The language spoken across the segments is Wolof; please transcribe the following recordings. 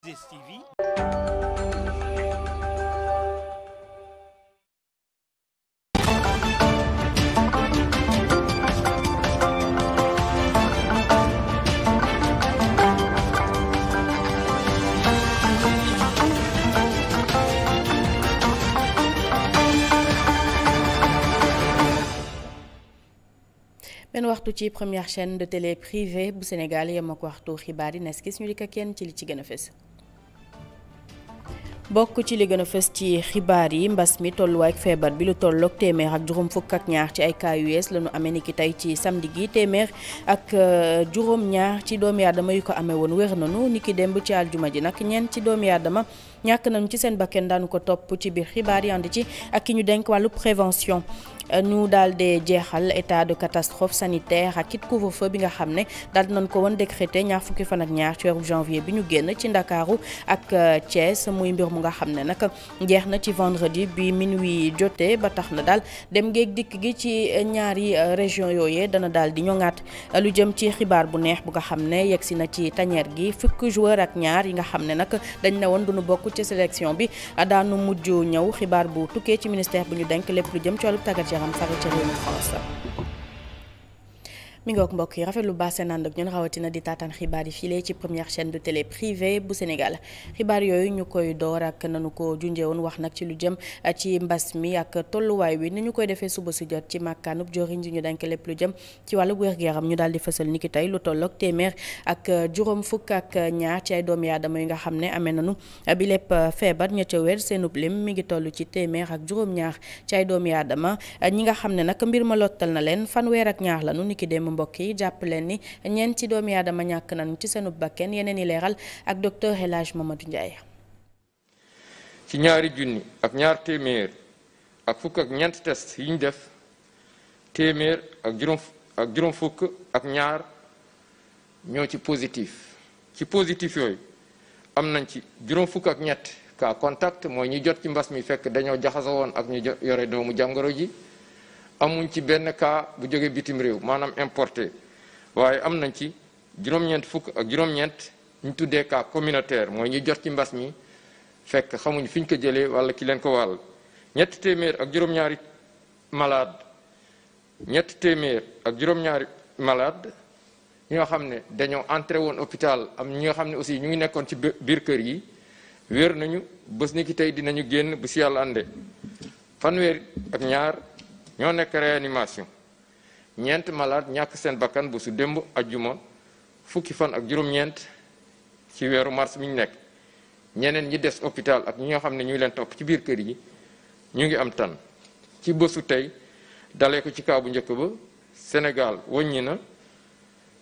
Stevie. benn waxtu ci première chaîne de télé privée bu Sénégal yem waxtu xibaar yi nes ñu di kenn ci li ci gën a fës bokk ci li gën a fës ci xibaar yi mbas mi tolluwaay ak feebar bi lu tolloog téeméer ak juróom fukk ak ñaar ci ay cas yu yees lañu amee ni ki tey ci samedi gi téeméer ak euh, juróom ñaar ci doomi aadama yu ko amee woon wér nañu ni ki démb ci aljuma ji nag ñeen ci doomi aadama ñàkk nañu ci seen bakken daanu ko topp ci biir xibaar yi ànd ci ak ki ñu denk wàllu prévention ñu daal di jeexal état de catastrophe sanitaire ak it couvre-feu bi nga xam ne daal di nañ ko woon décrété ñaar fukki fan ak ñaar ci weeru janvier bi ñu génn ci Ndakaaru ak euh, Thiès muy mbir mu mu nga xam ne nag njeex na ci vendredi bi minuit jotee ba tax na daal dem géeg dikk gi ci ñaari euh, région yooyee dana daal di ñoŋaat lu jëm ci xibaar bu neex bu nga xam ne yegg si na ci tañeer gi fukki joueur ak ñaar yi nga xam ne nag dañ ne woon duñu bokk ci sélection bi daanu mujj ñëw xibaar bu tukkee ci ministère bu ñu denk lépp lu jëm ci wàllu tàggat yaram sax ci réewu France mi ngi ak mbokk yi rafetlu baax seen ànd ak ñun rawatina di taataan xibaar yi file ci première chaîne de télé privée bu Sénégal xibaar ñu koy door ak woon wax nag ci lu jëm eh, ci mbas mi ak tolluwaay wi ni ñu koy defee suba si jot ci màkkaanub joriñ ji ñu dànk lépp lu jëm ci wàllu wér gu ñu daal di fësal niki tey lu tolloog téeméer eh, juróom fukk ak ñaar ci ay yi nga xam ne amee nanu eh, bi lépp feebar ña ca wér seenub mi ngi toll ci téeméer ak juróom-ñaar ci ay doomu ñi nga xam ne nag mbir ma lottal na leen fanweer ak ñaar lanu niki dem mbokk yi jàpp leen ni ñeenti doomi aadama ñàkk nañu ci seenu bakken yeneen yi leeral ak docteur El Hadj Mamadou Ndiaye. ci ñaari junni ak ñaar téeméer ak fukk ak ñeent test yi ñu def téeméer ak juróom fukk ak ñaar ñoo ci positif ci positif yooyu am nañ ci juróom fukk ak ñett cas contact mooy ñi jot ci mbas mi fekk dañoo jaxasoo woon ak ñu yore doomu jàngoro ji. amuñ ci benn kaa bu jógee bitim réew maanaam importé waaye am nañ ci juróom-ñeent fukk ak juróom-ñeent ñu tuddee kaa communautaire mooy ñuy jot ci mbas mi fekk xamuñ fiñ ko jëlee wala ki leen ko wàll ñett téeméer ak juróom-ñaari malade téeméer ak juróom-ñaari ñoo xam ne dañoo entré woon hôpital am ñi nga xam ne aussi ñu ngi nekkoon ci biir kër yi wér nañu bës ni ki tey dinañu génn bu si yàlla ànde fanweer ak ñaar ñoo nekk réanimation ñeent malade ñàkk seen bakkan bu su démb ajjuma fukki fan ak juróom-ñeent ci weeru mars mi ñu nekk ñeneen ñi des hôpital ak ñi nga xam ne ñu leen topp ci biir kër yi ñu ngi am tan ci bësu tey dalee ko ci kaw bu njëkk ba Sénégal wàññi na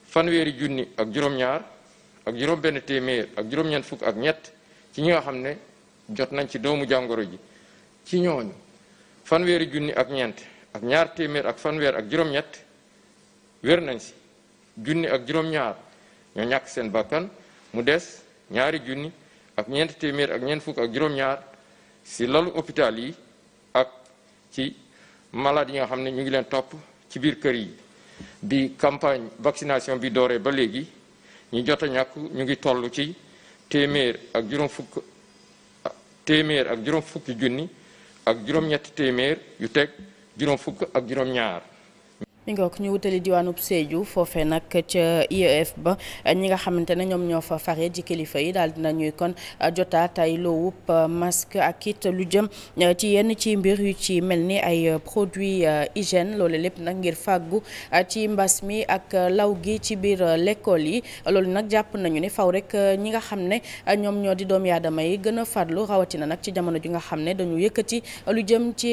fanweeri junni ak juróom-ñaar ak juróom-benn téeméer ak juróom-ñeent fukk ak ñett ci ñi nga xam ne jot nañ ci doomu jàngoro ji ci ñooñu fanweeri junni ak ñeent ak ñaar téeméer ak fanweer ak juróom-ñett wér nañ si junni ak juróom-ñaar ñoo ñàkk seen bakkan mu des ñaari junni ak ñeent téeméer ak ñeent fukk ak juróom-ñaar si lalu hôpital yi ak ci malade yi nga xam ne ñu ngi leen topp ci biir kër yi bi campagne vaccination bi dooree ba léegi ñu jot ñàkk ñu ngi toll ci téeméer ak juróom fukk téeméer ak juróom fukki junni ak juróom-ñetti téeméer yu teg juróom fukk ak juróom ñaar mi ngi ko ñu wutali diwaanub Sédhiou foofee nag ca IEF ba ñi nga xamante ne ñoom ñoo fa fare ji kilifa yi daal dina ñuy kon uh, jotaat ay loowub uh, masque ak it lu jëm uh, ci yenn ci mbir yu ci mel ni ay produits hygiène loolu lépp nag ngir fàggu ci mbas mi ak law gi ci biir l'école yi loolu nag jàpp nañu ne faw rek ñi nga xam ne ñoom ñoo di doomu aadama yi gën a farlu rawatina nag ci jamono ji nga xam ne dañu yëkkati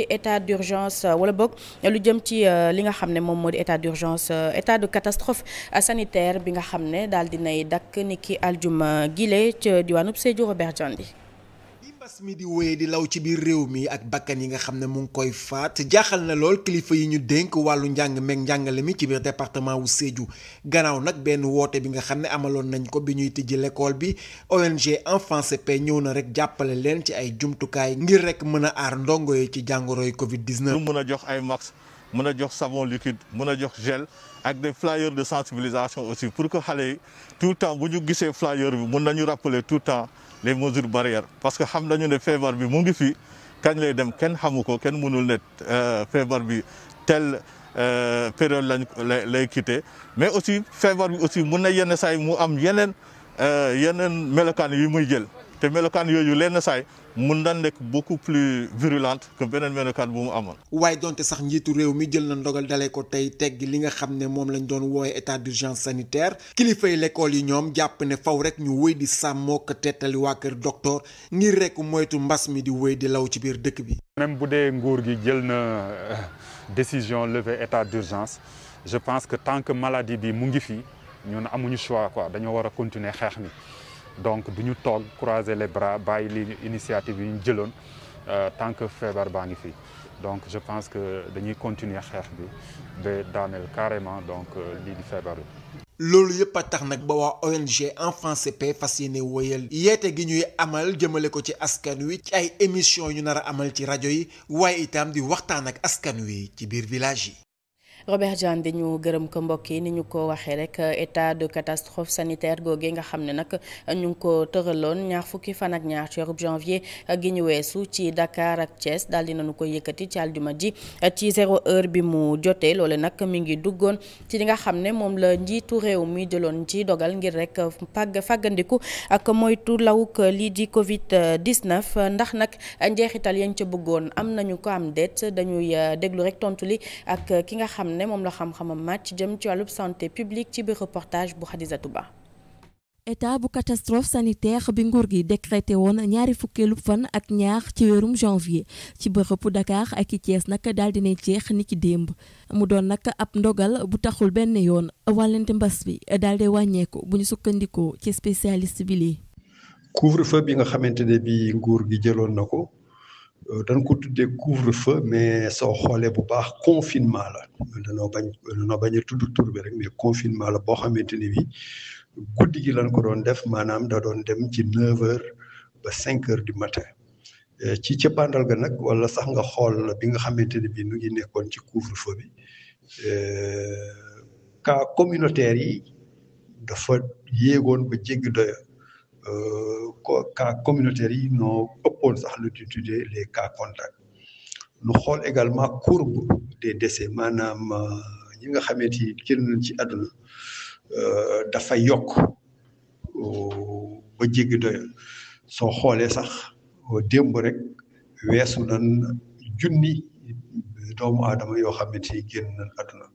état d'urgence wala boog lu jëm ci li nga xam ne moom moo di état d'urgence euh, état de catastrophe euh, sanitaire bi nga xam ne daal dinay dakk niki aljuma gile ca diwaanub Sédhiou Robert Diandi mbas mi di wéye di law ci biir réew mi ak bakkan yi nga xam ne mu ngi koy faat jaaxal na lool kilifa yi ñu dénk wàllu njàng meeg njàngale mi ci biir département wu Sédhiou gannaaw nag benn woote bi nga xam ne amaloon nañ ko bi ñuy tijji l'école bi ONG Enfance et Paix ñëw na rek jàppale leen ci ay jumtukaay ngir rek mën a aar ndongo ci jàngoroy Covid 19. mën a jox ay masques mën a jox savon liquide mën a jox gel ak des flyers de sensibilisation aussi pour que xale yi tout le temps bu ñu gisee flyer bi mun mën nañu rappeler tout le temps les mesures barrières parce que xam nañu ne feebar bi mu ngi fi kañ lay dem kenn xamu ko kenn mënul ne euh, feebar bi tel euh, période lañ lay lay quitté mais aussi feebar bi aussi mun na yenn saay mu am yeneen euh, yeneen melokaan yi muy jël. te melokaan yooyu leen lenn saay mun na nekk beaucoup plus virulente que beneen melokaan bu mu amoon. waaye donte sax njiitu réew mi jël na ndogal dalee ko tey teggi li nga xam ne moom lañ doon woowee état d'urgence sanitaire kilifay lekkool yi ñoom jàpp ne faw rek ñu wéy di sàmmoo ko tettali waa kër docteur ngir rek moytu mbas mi di wéy di law ci biir dëkk bi. même bu dee nguur gi jël na euh, décision lever état d'urgence je pense que tant que maladie bi mu ngi fi ñun amuñu choix quoi dañoo war a continuer xeex mi. donc du ñu toog croiser les bra bàyyi li initiative yu ñu jëloon euh, tant que feebar baa ngi fi donc je pense que dañuy continuer xeex bi ba daaneel carrément donc euh, lii di feebar bi. loolu yëpp a tax nag ba waa ONG Enfants CP fas yéene woyal yeete gi ñuy amal jëmale ko ci askan wi ci ay émission yu nar a amal ci rajo yi waaye itam di waxtaan ak askan wi ci biir village yi. Robert Diagne ñu gërëm ko mbokk yi ni ñu ko waxee rek état de catastrophe sanitaire googe nga xam ne nag ñu ngi ko tëraloon ñaar fukki fan ak ñaar ci weeru janvier gi ñu weesu ci Dakar ak Thiès daal di nañu ko yëkkati ci àljuma ji ci zéro heure bi mu jotee loole nag mi ngi duggoon ci li nga xam ne moom la njiitu réew mi jëloon ci dogal ngir rek pàgg fàggandiku ak moytu law lii di Covid 19 ndax nag njeexital yañ ca bëggoon am nañu ko am déet dañuy déglu rek xam ne moom la xam-xamam màcc jëm ci wàllub santé piblique ci biir reportage bu Xadisatu Ba état bu catastrophe sanitaire bi nguur gi décrété woon ñaari fukkeelu fan ak ñaar ci weerum janvier ci bërëbu Dakar ak i Thiès nag daal di ne jeex ni ci démb mu doon nag ab ndogal bu taxul benn yoon wàllante mbas bi daal di wàññeeku bu ñu sukkandikoo ci spécialiste bi lii. couvre-feu bi nga xamante ne bi nguur gi jëloon na ko. Euh, dañ ko tuddee couvre-feu mais soo xoolee bu baax confinement la danoo bañ danoo bañ a tudd tur bi rek mais confinement la boo xamante ni bi guddi gi ko doon def maanaam da doon dem ci neuf heures ba cinq heures du matin euh, ci cëppaandal ga nag wala sax nga xool bi nga xamante ne bi nu ngi nekkoon ci couvre-feu bi euh, cas communautaire yi dafa yéegoon ba jéggi doyo Euh, cas communautaires yi ñoo ëppoon sax lu ñu tuddee les cas contacts xool également courbe des décès maanaam ñi euh, nga xamante ni génn nañ ci àdduna euh, dafa yokk ba jéggi doyal soo xoolee sax démb rek weesu nañ junni doomu aadama yoo xamante ni génn nañ àdduna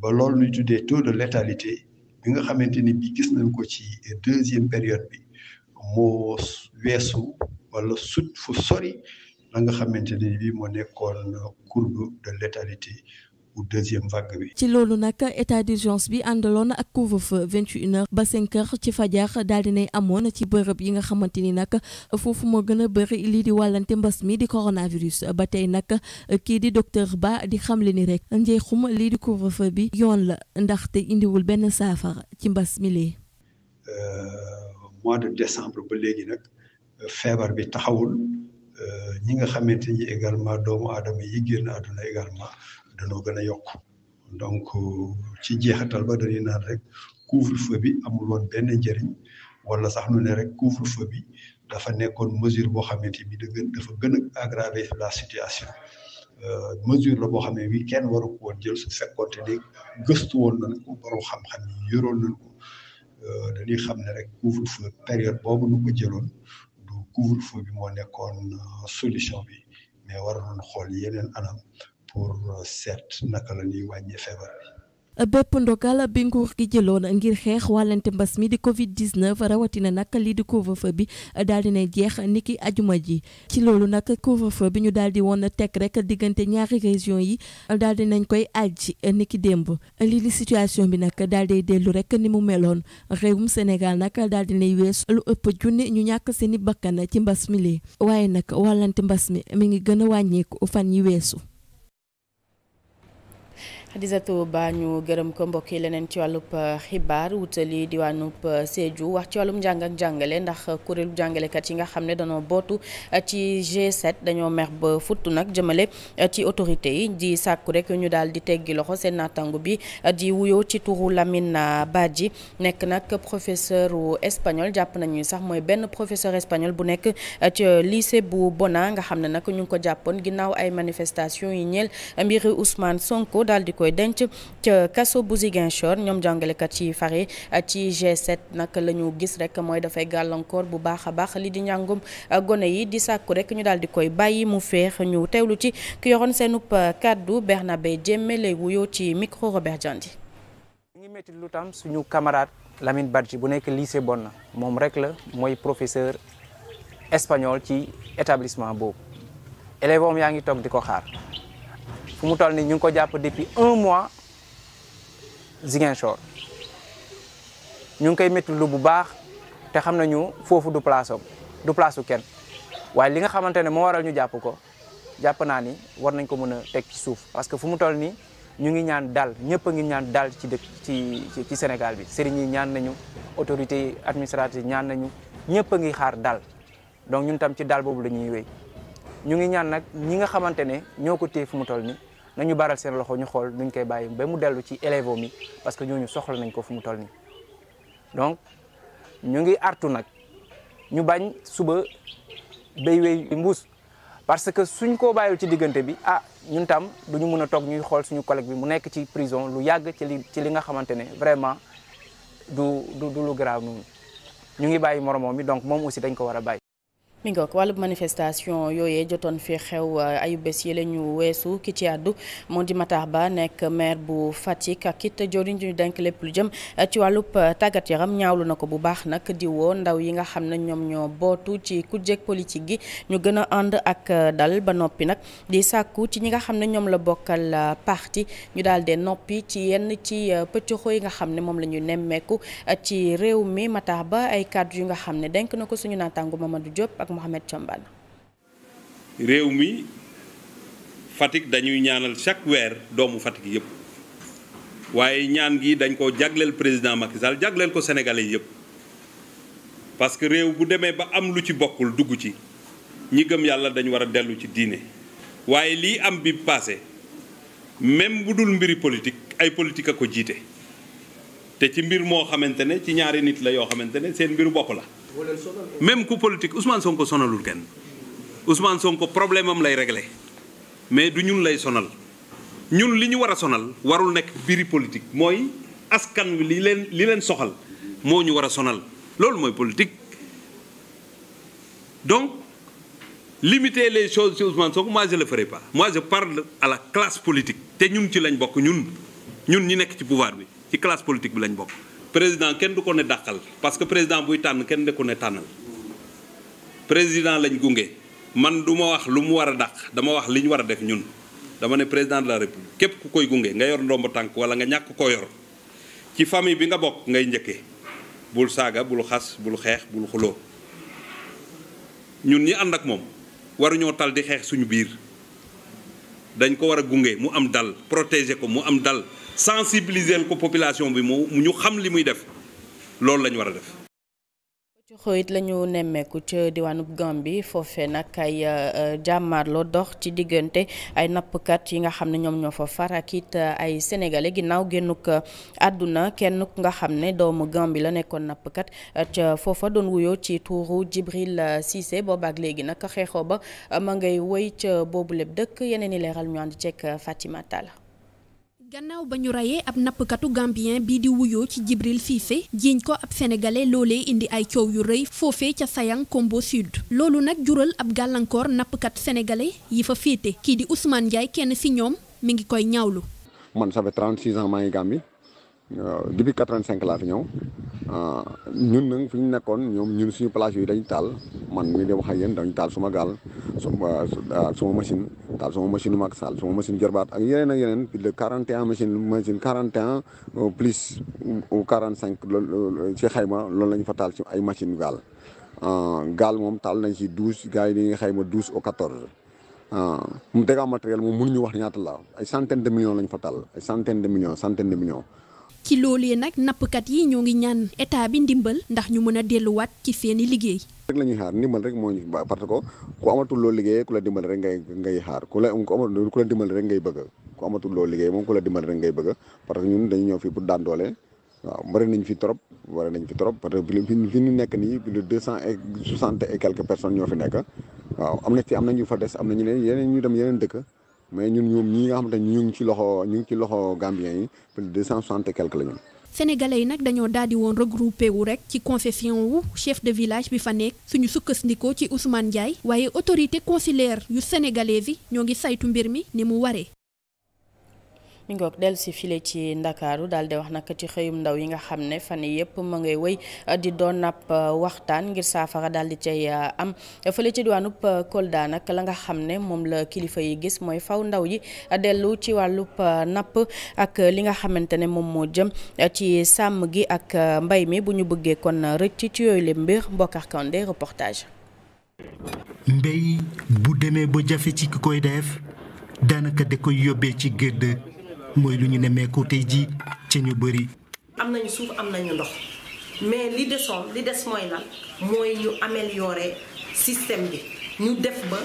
ba loolu ñuy tuddee taux de létalité bi nga xamante ni bi gis nañ ko ci deuxième période bi moo weesu wala sut fu sori la nga xamante ni bi moo nekkoon courbe de létalité ou deuxième vague bi. ci loolu nag état d'urgence bi àndaloon ak couvre-feu 21 ba 5h ci fajar daal di nay amoon ci bërëb yi nga xamante ni nag foofu moo gën a bëri lii di wàllante mbas mi di coronavirus ba tey nag kii di docteur Ba di xam xamle ni rek njeexum lii di couvre-feu bi yoon la ndaxte indiwul benn saafara ci mbas mi lee. Euh, mois de décembre ba léegi nag feebar bi taxawul euh, ñi nga xamante ni également doomu aadama yi génn àdduna également. danoo gën a yokk donc ci jeexatal ba dañuy naan rek couvre-feu bi amul woon benn njëriñ wala sax nu ne rek couvre-feu dafa nekkoon mesure boo xamante ni dafa gën a aggraver la situation euh, mesure la boo xam ne bii kenn waru ko jël su fekkoonte ni gëstu woon nañ ko borom xam-xam yi yoroon nañ ko euh, dañuy xam ne rek couvre-feu période boobu nu ko jëloon du couvre-feu bi moo nekkoon euh, solution bi mais waroon xool yeneen anam. pour euh, seet naka la ñuy wàññee feebar bi. bépp ndogal bi nguur gi jëloon ngir xeex wàllante mbas mi di Covid 19 rawatina nag lii di couvre-feu bi daal di na jeex niki ajuma ji ci loolu nag couvre-feu bi ñu daal di woon teg rek diggante ñaari région yi daal di nañ koy ajji niki démb lii di situation bi nag daal di dellu rekk ni mu meloon réewum Sénégal nag daal di nay wees lu ëpp junni ñu ñàkk seeni bakkan ci mbas mi lii waaye nag wàllante mbas mi mi ngi gën a wàññeeku yi weesu. Xadisatu Ba ñu gërëm ko mbokk yi leneen ci wàllub euh, xibaar wutali diwaanub euh, Sédhiou wax ci wàllum njàng ak jàngale ndax euh, kuréelu jàngalekat yi nga xam ne dañoo bootu ci G7 dañoo mer ba futtu nag jëmale ci autorité yi di sàkku rek ñu daal di teggi loxo seen naataango bi di wuyoo ci turu Lamine Badji nekk nag professeur espagnol jàpp nañu sax mooy benn professeur espagnol bu nekk ci lycée bu Bona nga xam ne nag ñu ngi ko jàppoon ginnaaw ay manifestations yi ñeel koy denc ca kaso bu Ziguinchor ñoom jàngalekat eh, ci fare ci G7 nag lañu gis rek mooy dafay gàllankoor bu baax a baax li di njàngum eh, gone yi di sàkku rek ñu daal di koy bàyyi mu feex ñu teewlu ci ki yoroon seenub eh, kàddu Bernabé Diémé lay wuyoo ci micro Robert Diandi ñu ngi métti lu tam suñu camarade Lamine Badji bu nekk lycée Bonn moom rek la mooy professeur espagnol ci établissement boobu élèves yaa ngi toog di ko xaar fu mu toll nii ñu ngi ko jàpp depuis un mois Ziguinchor ñu ngi koy métti bu baax te xam nañu foofu du place du place u kenn waaye li nga xamante ne moo waral ñu jàpp ko jàpp naa ni war nañ ko mën a teg ci suuf parce que fu mu toll nii ñu ngi ñaan daal ñëpp a ngi ñaan dal ci dëkk ci ci Sénégal bi sëriñ yi ñaan nañu autorité administrative ñaan nañu ñëpp ngi xaar daal donc ñun ci dal boobu la ñuy wéy ñu ngi ñaan nag ñi nga xamante ne ñoo ko téye fu mu toll nii nañu baral seen loxo ñu xool nuñ koy bàyyi ba mu dellu ci élève mi parce que ñooñu soxla nañ ko fu mu toll nii donc ñu ngi artu nag ñu bañ suba béy wéy mbuus parce que suñ koo bàyyil ci diggante bi ah ñun tam ñu mun a toog ñuy xool suñu collègue bi mu nekk ci prison lu yàgg ci li ci li nga xamante ne vraiment du du du lu grave noonu ñu ngi bàyyi moromoom mi donc moom aussi dañ ko war a bàyyi mi ngoog manifestation yooyee jotoon fi xew uh, ayu bés la ñu weesu ki ci àddu moo di Matar Ba nekk maire bu Fatick ak it joriñ ñu denk lépp lu jëm uh, ci wàllub uh, tàggat yaram ñaawlu na ko bu baax nag diwoo ndaw yi nga xam ne ñoom ñoo bootu ci kujjeg politique gi ñu gën a ànd ak dal ba noppi nag di sàkku ci ñi nga xam ne ñoom la bokkal parti ñu daal de noppi ci yenn ci pëccoxo yi nga xam ne moom la ñu nemmeeku ci réew mi mataax Ba ay kàddu yu nga xam ne denk na ko suñu naataangu du Diop ak Mohamed Thiombane réew mi fatik dañuy ñaanal chaque weer doomu Fatick yëpp waaye ñaan gi dañ ko jagleel président Macky Sall ko sénégalais yëpp parce que réew bu demee ba am lu ci bokkul dugg ci ñi gëm yàlla dañu war a dellu ci diine waaye lii am bi passé même bu dul mbiri politique ay politique a ko jiite te ci mbir moo xamante ne ci ñaari nit la yoo xamante ne seen mbiru bopp la même ku usman Ousmane Sonko sonalul kenn Ousmane Sonko problème am lay réglé mais du ñun lay sonal ñun li ñu war a sonal warul nekk biri politique mooy askan wi li leen li leen soxal moo ñu war a sonal loolu mooy politique donc limiter les choses ci Ousmane Sonko moi je le ferai pas moi je parle à la classe politique te ñun ci lañ bokk ñun ñun ñi nekk ci pouvoir bi ci classe politique bi lañ bokk président kenn du ko ne dàqal parce que président buy tànn kenn du ko ne tànnal président lañ gunge man du ma wax lu mu war a dàq dama wax li ñu war a def ñun dama ne président de la képp ku koy gunge nga yor ndomba tànk wala nga ñàkk koo yor ci famille bi nga bokk ngay njëkkee bul saaga bul xas bul xeex bul xuloo ñun ñi ànd ak moom waruñoo tal di xeex suñu biir dañ ko war a gunge mu am dal protéger ko mu am dal sensibiliser ko population bi mu ñu xam li muy def loolu la ñu def. ci xëyit nemmeeku ca diwaanub Gambie foofee nag ay euh, euh, jàmmaarloo dox ci diggante ay nappkat yi nga xam ne ñoom ñoo fa far ak it euh, ay sénégalais ginnaaw génnuk àdduna kenn ku nga xam ne doomu Gambie la nekkoon nappkat ca foofa doon wuyoo ci tuuru Jibril Cissé boobaak léegi nag xeexoo ba ma ngay woy ca boobu lépp dëkk yeneen i leeral ñu ànd ceeg Fatima gannaaw ba ñu reyee ab nappkatu gambien bii di wuyoo ci Jibril Cissé jiiñ ko ab sénégalais loolee indi ay coow yu rëy foofee ca Sayang Kombo Sud loolu nag jural ab gàllankoor nappkat sénégalais yi fa féete kii di Ousmane Ndiaye kenn si ñoom mi ngi koy ñawlu man ça fait 36 ans Euh, depuis quatre en cinq laa fi ñëw euh, ñun nag fi ñu nekkoon ñoom ñun suñu place yi dañ taal man mii di wax ak yéen dañ taal suma gaal suma euh, suma machine taal suma machine mag saal suma machine jërbaat ak yeneen ak yeneen de quarante et un machine machine quarante et un plus ou quarante cinq loolu si xayma loolu la ñu fa taal ay machine gaal gaal moom taal nañ si douze gars yi dañuy xayma douze au quatorze mu dégâts matériel moom mënuñu wax ñaata la ay centaine de millions lañ fa taal ay centaine de millions centaine de millions ci loolee nag nappkat yi ñoo ngi ñaan état bi ndimbal ndax ñu mën a delluwaat ci seeni liggéey. rek la ñuy xaar ndimbal rek moo ñu parce que ku amatul loo liggéey ku la dimbal rek ngay ngay xaar ku la ku amatul ku la loo liggéey moom ku la dimbal rek ngay bëgg parce que ñun dañu ñëw fii pour daan doole waaw bëri nañ fi trop bëri nañ fi trop parce que fi ñu nekk nii plus de deux cent et quelques personnes ñoo fi nekk waaw am na ci am na ñu fa des am na ñu dem yeneen dëkk. mais ñun ñoom ñi nga xamante ñu ngi ci loxo ñu ngi ci loxo Gambien yi plus de cent soixante et quelque la ñu. Sénégalais yi nag dañoo daal di woon regroupé wu rek ci confession wu chef de village bi fa nekk suñu sukkandikoo ci Ousmane Ndiaye waaye autorité consulaire yu sénégalais yi ñoo ngi saytu mbir mi ni mu waree. mi ngoog dellu si file ci ndakaaru daal di wax nag ci xëyum ndaw yi nga xam ne fan yëpp ma ngay wëy di doon napp uh, waxtaan ngir saafara daal di cay uh, am ci diwaanub uh, Kolda nag la nga xam ne moom la kilifa yi gis mooy faw ndaw yi dellu ci wàllub napp ak li nga xamante ne moom moo jëm ci sàmm gi ak mbay mi bu ñu bëggee kon rëcc ci yooyu le mbir Mbokar Kande reportage. mbéy bu demee ba jafe ci ki koy def daanaka da koy yóbbee ci gëdd. mooy lu ñu nemmeeku tey jii ci ñu bëri. am nañu suuf am nañu ndox mais li desoon li des mooy lan mooy ñu améliorer système bi ñu def ba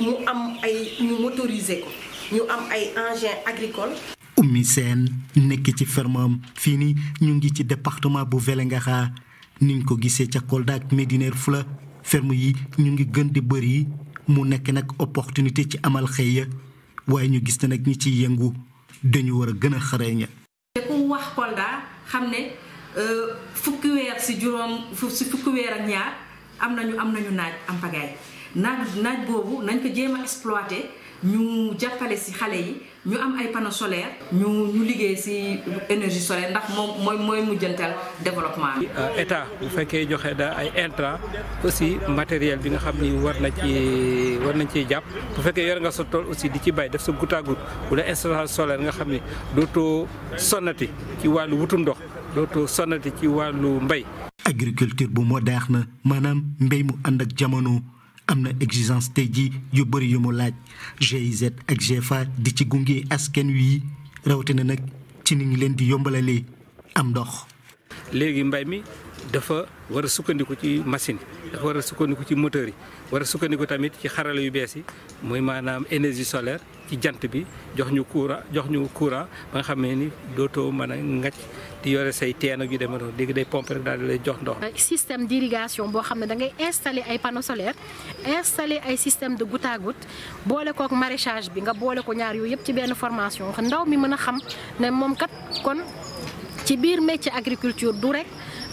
mu am ay ñu motoriser ko ñu am ay engins agricoles. Oumy Sène nekk ci ferme fii nii ñu ngi ci département bu Vélingara niñ ko gisee ca Kolda ak Médina ferme yi ñu ngi gën di bëri mu nekk nag opportunité ci amal xëy ya waaye ñu gis na nag ñi ciy yëngu. dañu war a gën a xarañ. te ku wax Kolda xam ne euh, fukki weer si juróom si fukki weer ak ñaar am nañu am nañu naaj am pagaay naaj naaj boobu nañ ko jéem a exploité. ñu jàppale si xale yi ñu am ay panneaux solaires ñu liggéey si énergie solaire ndax moom mooy mooy mujjantal développement bi. Euh, état bu fekkee joxe da ay intrant aussi matériel bi nga xam ni war na ci war nañ ciy jàpp bu fekkee yore nga sa tool aussi di ci bay def sa goutte à goutte wala installation solaire nga xam ni dootoo sonnati ci wàllu wutu ndox dootoo sonnati ci wàllu mbay. agriculture bu moo na maanaam mbay mu ànd ak jamono. am na exigence tey jii yu bëri yu mu laaj GIZ ak GFA di ci gunge askan wi rawatina nag ci ni ñu leen di yombalalee am ndox. léegi mbay mi dafa war a sukkandiku ci machine yi dafa war a sukkandiku ci moteur yi war a sukkandiku tamit ci xarala yu bees yi muy maanaam énergie solaire ci jant bi jox ñu courant jox ñu courant ba nga xam ne ni dootoo mën a ngacc di yore say teen ak yu demee noonu léegi day pompe daal di lay jox ndox. Euh, système d'irrigation boo xam ne da ngay installer ay panneaux ay système de goutte à boole kook maraîchage bi nga boole ko ñaar yooyu yëpp ci benn formation ndaw mi mën a xam ne moom kat kon ci biir métier agriculture du rek.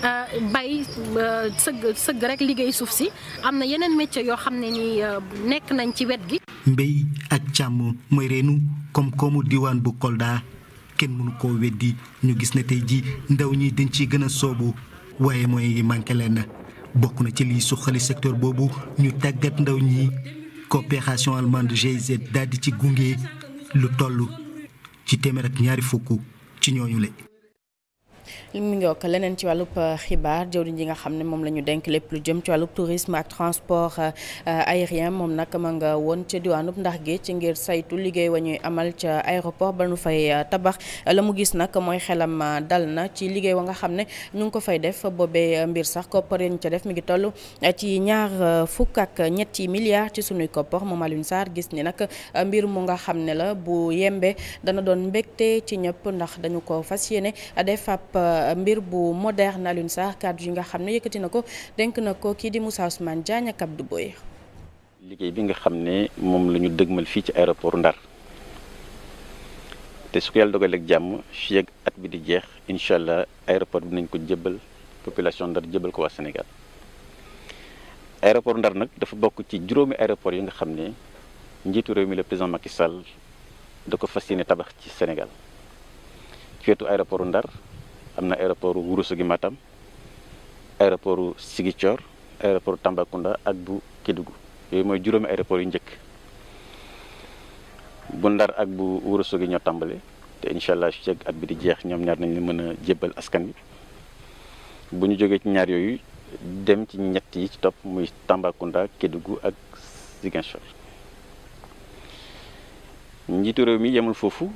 Euh, bay euh, sëgg sëgg rek liggéey suuf si am na yeneen métier yoo xam ne ni euh, nekk nañ ci wet gi. mbéy ak càmm mooy reenu koom-koomu diwaan bu Kolda kenn mënu koo weddi ñu gis ne tey ji ndaw ñi dañ ciy gën a soobu waaye mooy manqué na bokk na ci lii suqali secteur boobu ñu tàggat ndaw ñi coopération allemande GIZ daal di ci gunge lu toll ci téeméer ak ñaari fukk ci ñooñu le li mu ngi ko leneen ci wàllub euh, xibaar jëwriñ ji nga xam ne moom la ñu denk lépp lu jëm ci wàllub tourisme ak transport euh, euh, aérien moom nag ma nga woon ca diwaanub ndax ci ngir saytu liggéey wa ñuy amal ca aéroport ba nu fay tabax la mu gis nag mooy xelam dal na ci liggéey wa nga xam ne nu ngi ko fay def boobee mbir sax koppar ñu ca def mi ngi toll ci ñaar fukk ak ñetti milliards ci sunuy koppar moom Alioune Sarr gis ni nag mbir mu nga xam ne la bu yembe mbir bu moderne Alioune Sarr kàddu yi nga xam ne yëkkati na ko dénk na ko kii di Moussa Ousmane Diagne ak Abdou Boye liggéey bi nga xam ne moom lañu dëgmal fii ci aéroport Ndar te su ko yàlla dogal jàmm fii at bi di jeex incha allah aéroport bi nañ ko jëbal population Ndar jëbal ko waa Sénégal aéroport Ndar nag dafa bokk ci juróomi aéroport yi nga xam ne njiitu réew mi le président Macky da ko fas yéene tabax ci Sénégal ci wetu aéroport Ndar am na aéroport Ourossogui Matam aéroport Ziguinchor aéroport Tambacounda ak bu Kédougou yooyu mooy juróomi aéroport yu njëkk bu Ndar ak bu Ourossogui ñoo tàmbale te incha allah ci at bi di jeex ñoom ñaar nañ mën a jébbal askan bi bu ñu jógee ci ñaar yooyu dem ci ñett yi ci topp muy Tambacounda Kédougou ak Ziguinchor njiitu réew mi yemul foofu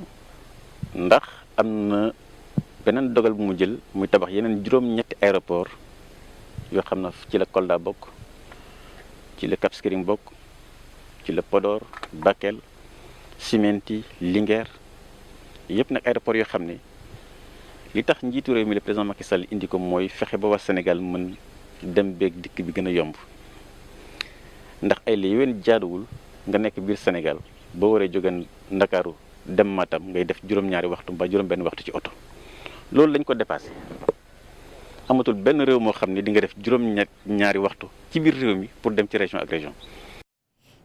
ndax am na beneen dogal bu mu jël muy tabax yeneen juróom-ñetti aéroport yoo xam na ci la Kolda bokk ci la Cap bokk ci la Podor Bakel Siminti Linguère yëpp nag aéroport yoo xam ne li tax njiitu réew mi le président Macky Sall indi ko mooy fexe ba waa senegal mën dem beeg dikk bi gën a yomb ndax ay la yowén jaaduwul nga nekk biir senegal boo waree jóge Ndakaaru dem Matam ngay def juróom-ñaari waxtu ba juróom-benn waxtu ci oto loolu lañ ko dépassé amatul benn réew moo xam ne di nga def juróom ñaari waxtu ci biir réew mi pour dem ci région ak région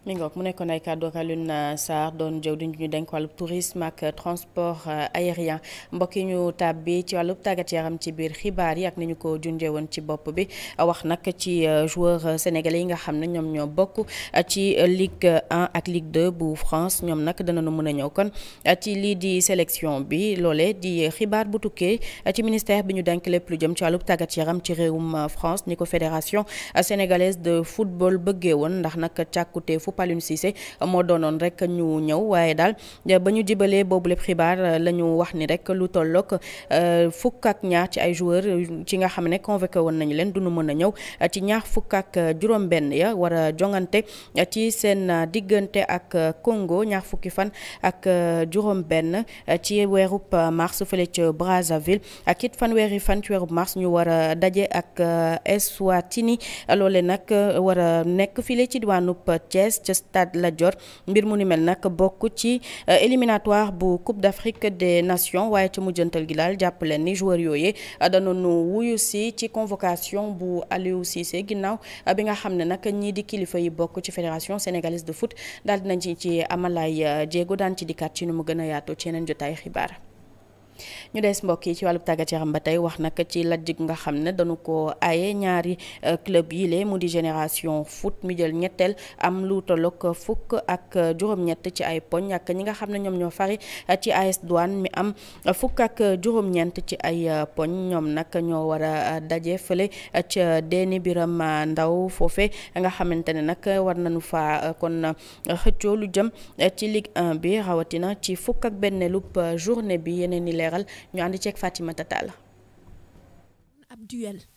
mi ngoog mu nekkoon ay kàddu ak Alioune Sarr doon jëw di ñu denk wàllub tourisme ak euh, transport euh, aérien mbokk yi ñu tab bi ci wàllub tàggat yaram ci biir xibaar yi ak ni ñu ko junjee woon ci bopp bi wax nag ci euh, joueur sénégalais yi nga xam ne ñoom ñoo bokk ci Ligue 1 ak Ligue bu France ñoom nag danañu mën a ñëw kon ci lii di sélection bi loole di xibaar bu tukkee ci ministère bi ñu denk lépp lu jëm ci wàllub tàggat yaram ci réewum France ni ko fédération sénégalaise de football bëggee woon ndax nag càkkutee foofu Palioune Cissé moo doonoon rek ñu ñëw waaye daal ba ñu jibalee boobu lépp xibaar la ñu wax ni rek lu tollook euh, fukk ak ñaar ci ay joueurs ci nga xam ne convoqué woon nañu leen dunu mën a ñëw ci ñaar fukk ak juróom-benn ya war a jongante ci seen diggante ak Congo ñaar fukki fan ak juróom-benn ci weerub mars fële ca Brazzaville ak fan fanweeri fan ci weerub mars ñu war a daje ak Eswatini loole nag war nekk file ci diwaanub Thiès ca stade la Dior mbir mu ni mel nag bokk ci euh, éliminatoire bu Coupe d'Afrique de nation waaye ca mujjantal gi daal jàpp leen ni joueur yooyee euh, nu wuyu si ci convocation bu Aliou Cissé ginnaaw euh, bi nga xam ne nag ñii di kilifa yi bokk ci fédération sénégalaise de foot daal dinañ ci ci amalay jéego daan ci dikkaat ci nu mu gën a yaatoo ci yeneen jotaay xibaar ñu des mbokk yi ci wàllu tàggat yaram ba tey wax nag ci lajj nga xam ne danu ko aaye ñaari euh, club yi lee mu di génération foot mu jël ñetteel am lu tolloog fukk ak juróom-ñett ci ay poñ ak ñi nga xam ne ñoom ñoo fari ci AS Douane mi am fukk ak juróom ci ay euh, poñ ñoom nag ñoo war a euh, daje fële ca Déni Biram Ndaw foofe nga xamante ne nag war nañu fa kon xëccoo lu jëm ci Ligue 1 bi rawatina ci fukk ak benn lup journée bi yeneen i leer leeral ñu ànd ceeg Fatima Tall ab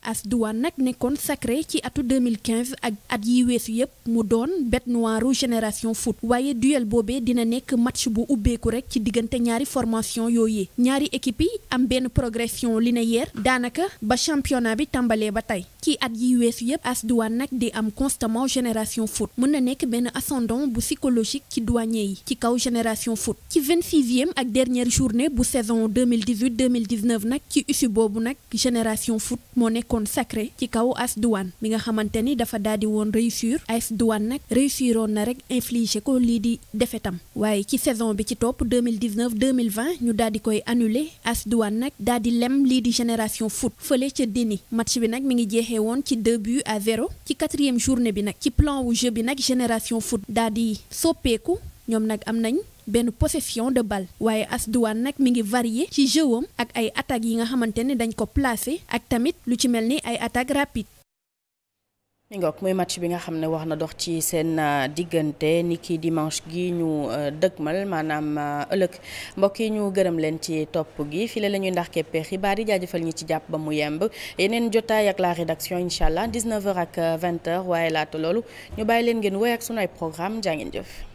as douane nag nekkoon sacré ci atu 2015 ak at yi weesu yëpp mu doon bête noire génération foot waaye duel boobee dina nekk match bu ubbeeku rek ci diggante ñaari formation yooyu ñaari équipe yi am benn progression linéaire daanaka ba championnat bi tàmbalee ba tey ci at yi weesu yëpp as douane nag di am constamment génération foot mën na nekk benn ascendant bu psychologique ci douanier yi ci kaw génération foot ci 26e ak dernière journée bu saison 2018 2019 nag ci issue boobu nag génération foot moo nekk kon sacré ci kaw AS Douane mi nga xamante ni dafa daal di woon réussir AS Douane nag réussiroon na rek infligé ko lii di defetam waaye ci saison bi ci topp 2019 2020 ñu daal di koy annulé AS Douane nag daal di lem lii di génération foot fële ca deni match bi nag mi ngi jeexee woon ci deux buts à zéro ci quatrième journée bi nag ci plan wu jeu bi nag génération foot daal di soppeeku ñoom nag am nañ benn possession de balle waaye AS Douanes nag mi ngi varié ci jëwam ak ay attaques yi nga xamante ni dañ ko placé ak tamit lu ci mel ni ay attaques rapides. mi ngoog muy match bi nga xam ne wax na dox ci seen euh, diggante ni ki dimanche gi ñu euh, dëgmal maanaam euh, ëllëg mbokk yi ñu gërëm leen ci topp gi fii la ñuy ndax keppe xibaar yi jaajëfal ñi ci jàpp ba mu yemb yeneen jotaay ak la rédaction incha allah 19h ak 20h waaye laata loolu ñu bàyyi leen ngeen woy ak sunu ay programme jaa ngeen